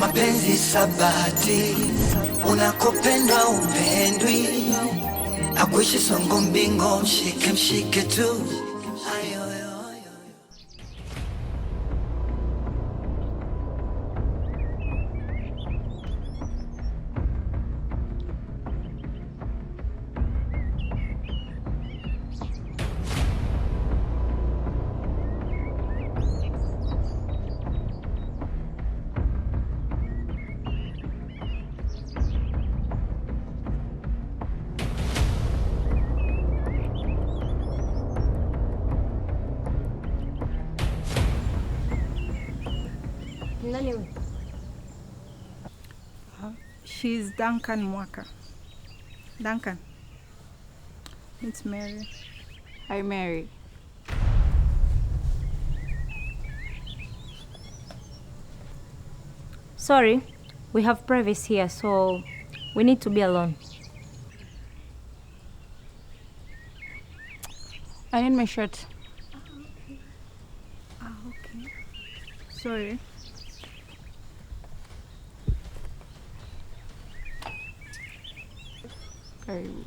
Mapenzi sabati, unakopenda upendwi, akuishi songo mbingo, mshike mshike tu Nani ah, She is Duncan Mwaka. Duncan. It's Mary. Hi Mary. Sorry, we have privacy here, so we need to be alone. I need my shirt. Ah, okay. Ah, okay. Sorry. Karibu.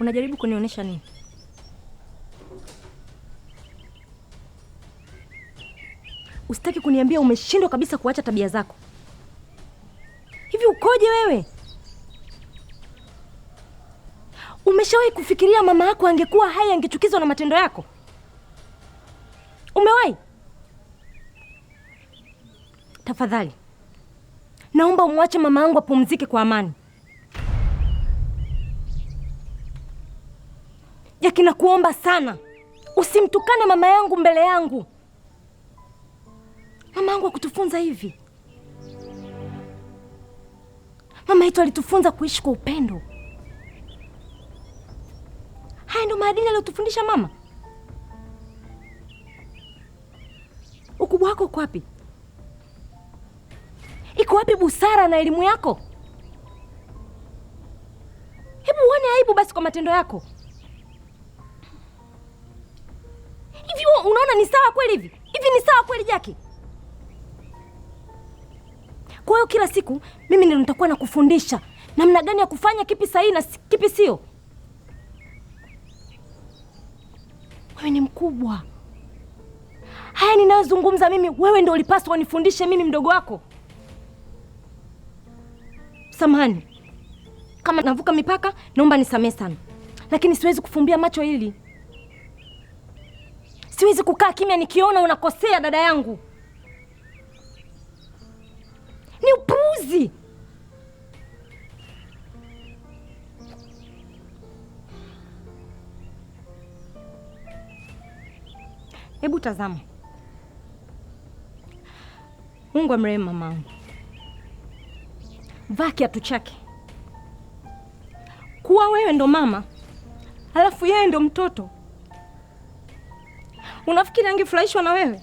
Unajaribu kunionyesha nini? Usitaki kuniambia umeshindwa kabisa kuacha tabia zako? kufikiria mama yako angekuwa hai angechukizwa na matendo yako? Umewahi? Tafadhali naomba umwache mama yangu apumzike kwa amani. Jaki, nakuomba sana usimtukane mama yangu mbele yangu. Mama yangu akutufunza hivi. Mama yetu alitufunza kuishi kwa upendo. Haya ndo maadili aliyotufundisha mama. Ukubwa wako uko wapi? Iko wapi busara na elimu yako? Hebu uone aibu basi kwa matendo yako. Hivi unaona ni sawa kweli? Hivi hivi ni sawa kweli Jaki? Kwa hiyo kila siku mimi ndio nitakuwa nakufundisha namna gani ya kufanya, kipi sahihi na kipi sio. kubwa. Haya ninayozungumza mimi, wewe ndio ulipaswa unifundishe mimi, mdogo wako. Samahani kama navuka mipaka, naomba nisamehe sana, lakini siwezi kufumbia macho hili. Siwezi kukaa kimya nikiona unakosea dada yangu. Ni upuuzi. Hebu tazama. Mungu amrehemu mamangu. Vaa kiatu chake. Kuwa wewe ndo mama alafu yeye ndo mtoto, unafikiri angefurahishwa na wewe?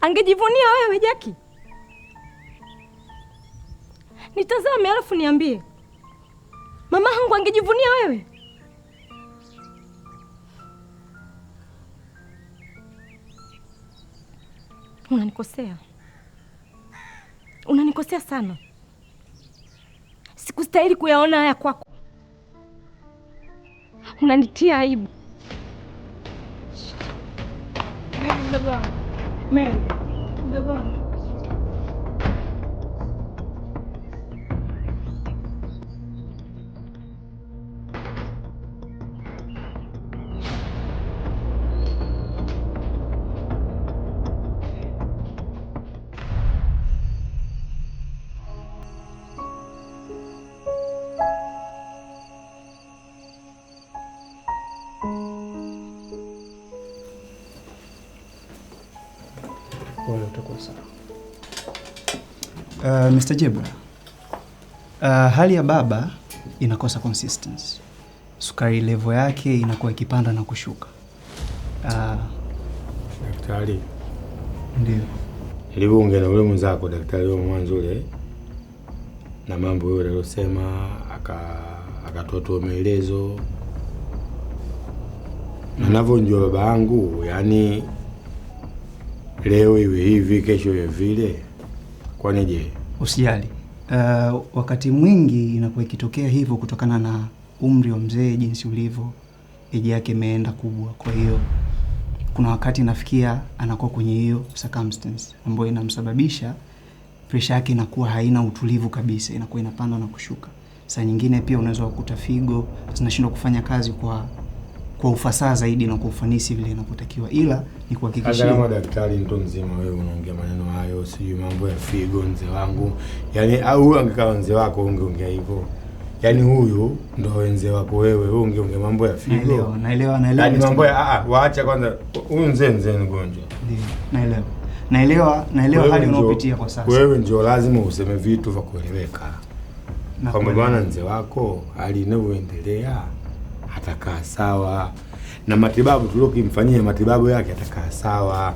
Angejivunia wewe Jaki? Nitazame alafu niambie, mama hangu angejivunia wewe? Unanikosea, unanikosea sana. Sikustahili kuyaona haya kwako, unanitia aibu. Mdogo wangu, mdogo wangu Mr. Jebra, uh, hali ya baba inakosa consistency. Sukari level yake inakuwa ikipanda na kushuka. Uh, daktari ndio nilivyoongea na ule mwenzako daktari wa mwanzo ule na mambo yule aliyosema, akatoa tu maelezo mm. Anavyonjua baba yangu, yaani leo iwe hivi, kesho iwe vile. Kwani je Usijali. Uh, wakati mwingi inakuwa ikitokea hivyo kutokana na umri wa mzee jinsi ulivyo, eji yake imeenda kubwa. Kwa hiyo kuna wakati nafikia anakuwa kwenye hiyo circumstance ambayo inamsababisha presha yake inakuwa haina utulivu kabisa, inakuwa inapanda na kushuka. Saa nyingine pia unaweza kukuta figo zinashindwa kufanya kazi kwa kwa ufasaha zaidi na kwa ufanisi vile inapotakiwa, ila ni kuhakikisha kama daktari mtu mzima, wewe unaongea maneno hayo, sijui mambo ya figo, nzee wangu. Yani au angekaa nzee wako ungeongea hivyo Yaani huyu ndo wenze wako wewe, huyu ungeongea mambo ya figo. Naelewa, naelewa, naelewa. Yaani mambo ya a ah, a, ah, waacha kwanza huyu mzee mzee ni gonjwa. Ndio, naelewa. Naelewa, naelewa hali unayopitia kwa sasa. Wewe ndio lazima useme vitu vya kueleweka. Kwa bwana mzee wako hali inavyoendelea atakaa sawa, na matibabu tuliokimfanyia matibabu yake atakaa sawa.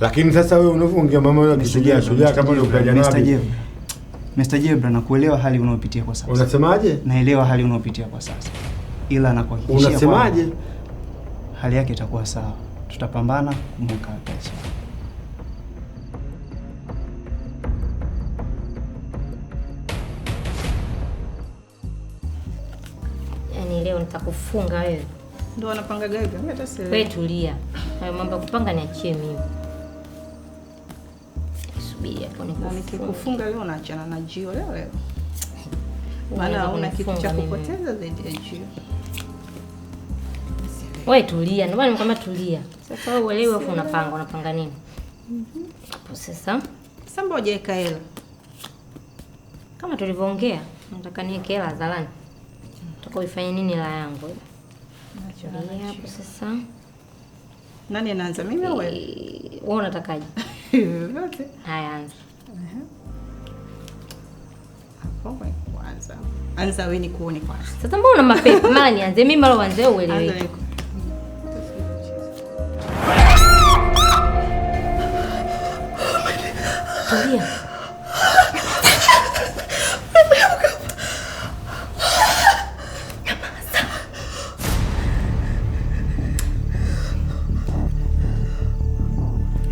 Lakini sasa wewe unavyoongea mama wewe akishugia shugia kama yule ukaja nabi. Mr. Jebra nakuelewa hali unayopitia kwa sasa. Unasemaje? Naelewa hali unayopitia kwa sasa. Ila nakuhakikishia. Unasemaje? Hali yake itakuwa sawa. Tutapambana kumweka kesho. nitakufunga wewe. Ndio wanapangaga gaga. Mimi hata sielewi. Wewe tulia. Hayo mambo ya kupanga niachie mimi. Subiri hapo ni nikufunga. Nikikufunga leo unaachana na Jio leo leo. Maana una kitu cha kupoteza zaidi ya Jio. Wewe tulia. Ndio maana nimekwambia tulia. Sasa wewe uelewe afu unapanga unapanga nini? Mhm. Hapo sasa. Sasa mbona hujaweka hela? Kama tulivyoongea, nataka niweke hela hadharani nataka uifanye nini la yangu hapo sasa. Nani anaanza mimi au wewe? Eh, wewe unatakaje? Yote. Haya anza. Anza wewe nikuone kwanza. Sasa mbona mapepo? Mara nianze mimi mara uanze wewe, ueleweke. Tulia.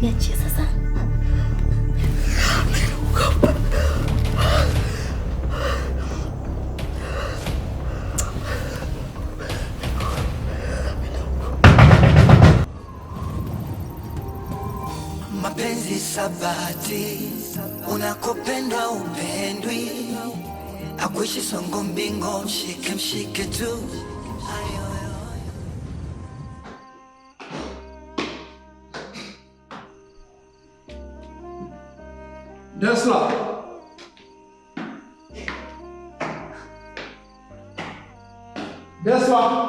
Niachie sasa. Mapenzi sabati, unakopendwa upendwi, akuishi songo mbingo, mshike mshike tu Tesla. Tesla.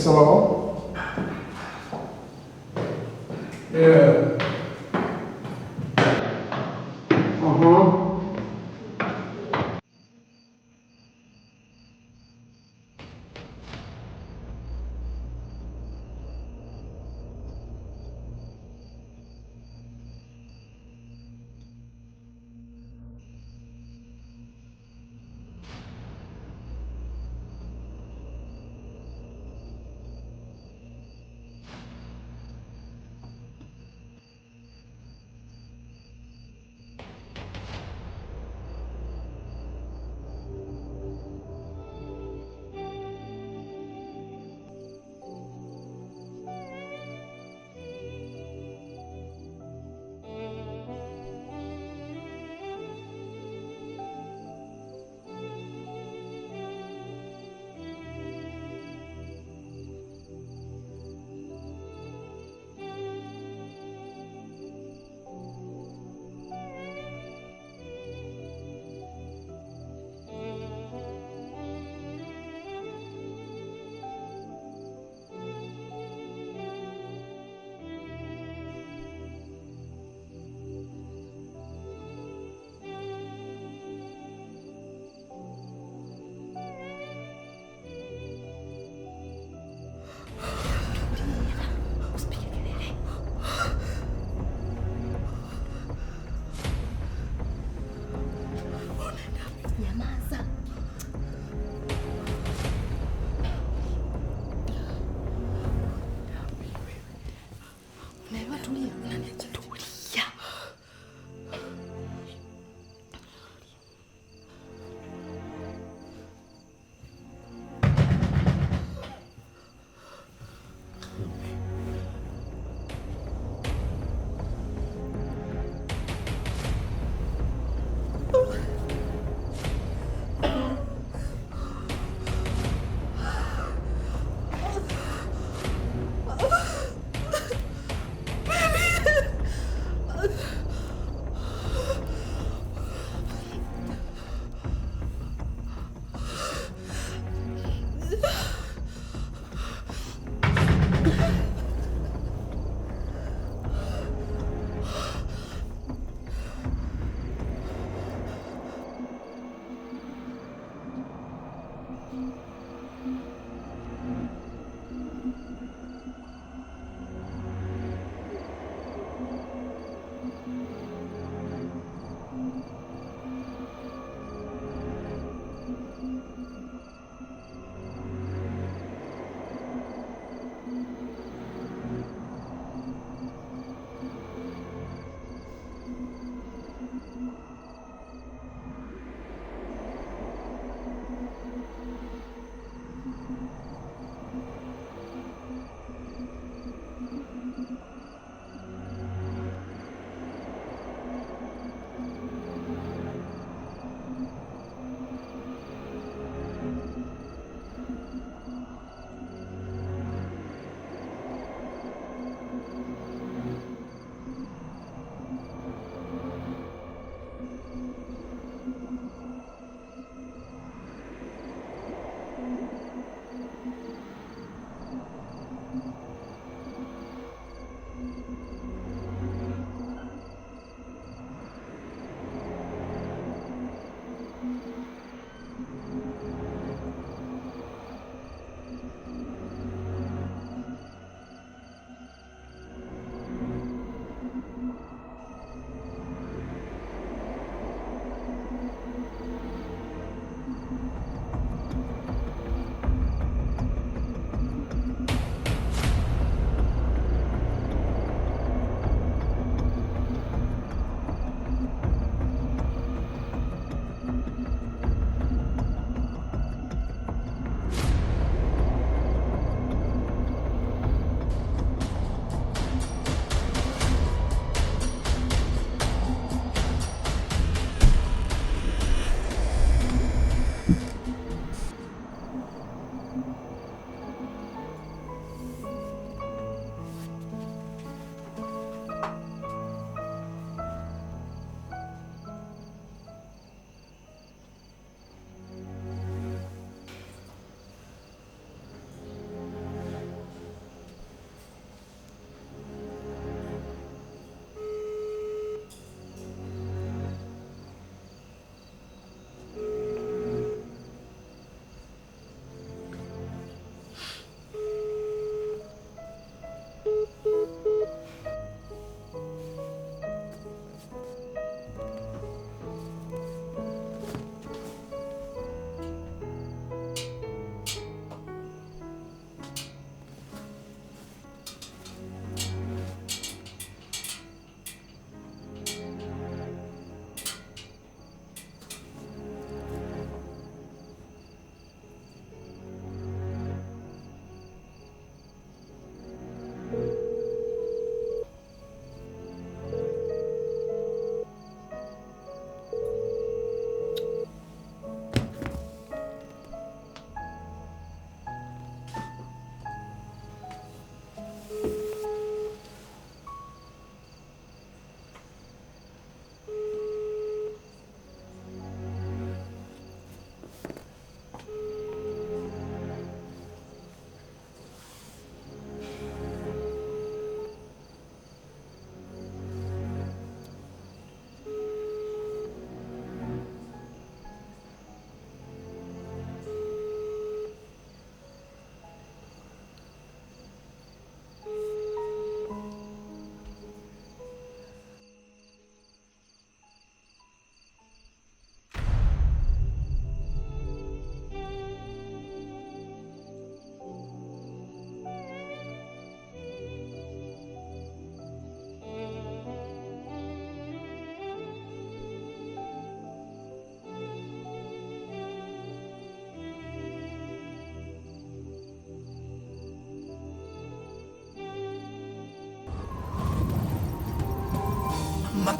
saw. Yeah. Uh huh.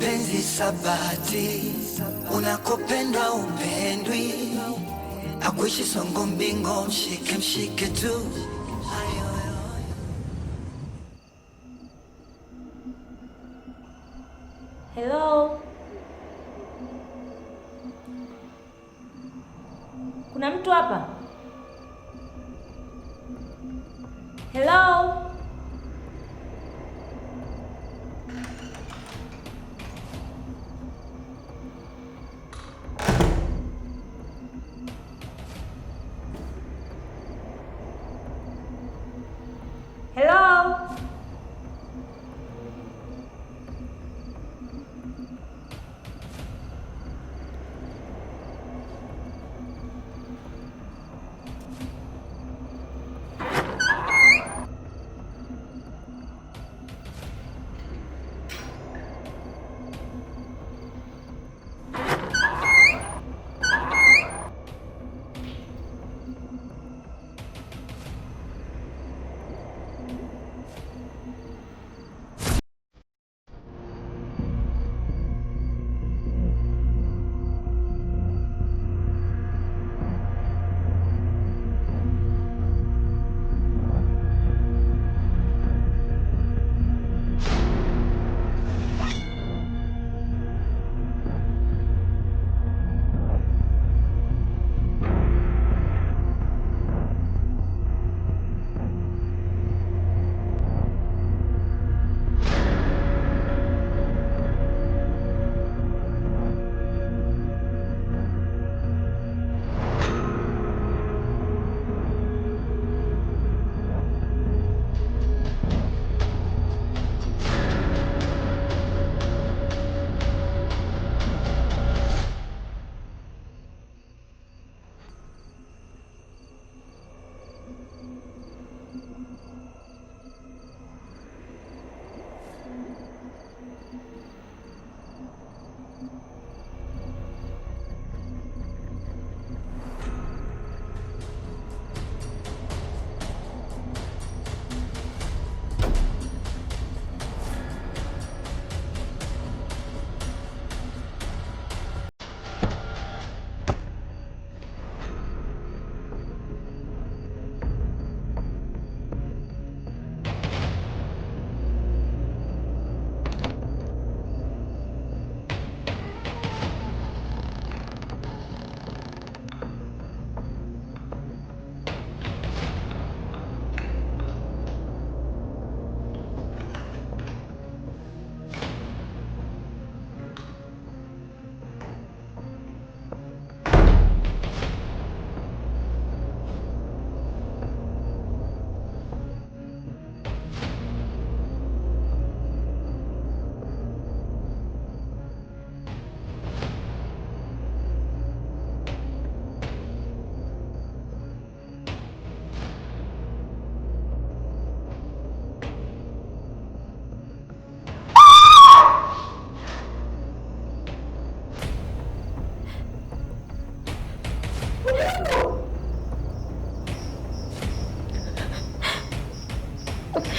Mapenzi sabati, unakopenda upendwi, akuishi songo mbingo, mshike mshike tu. Hello, kuna mtu hapa? Hello.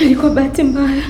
Ilikuwa bahati mbaya.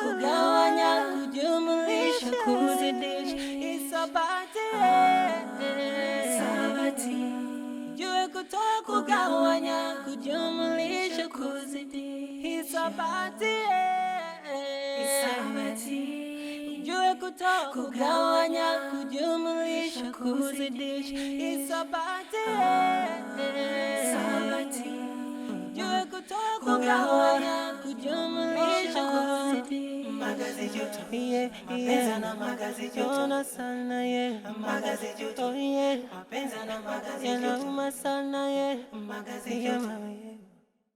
kugawanya, kujumulisha, kuzidisha, isabati sabati, jue kutoa, kugawanya, kujumulisha, kuzidisha, isabati isabati Ujue kutoa, kugawanya, kujumulisha, kuzidisha, isabati sabati, ujue kutoa, kugawanya, kujumulisha Yanauma sana ye, yanauma sana ye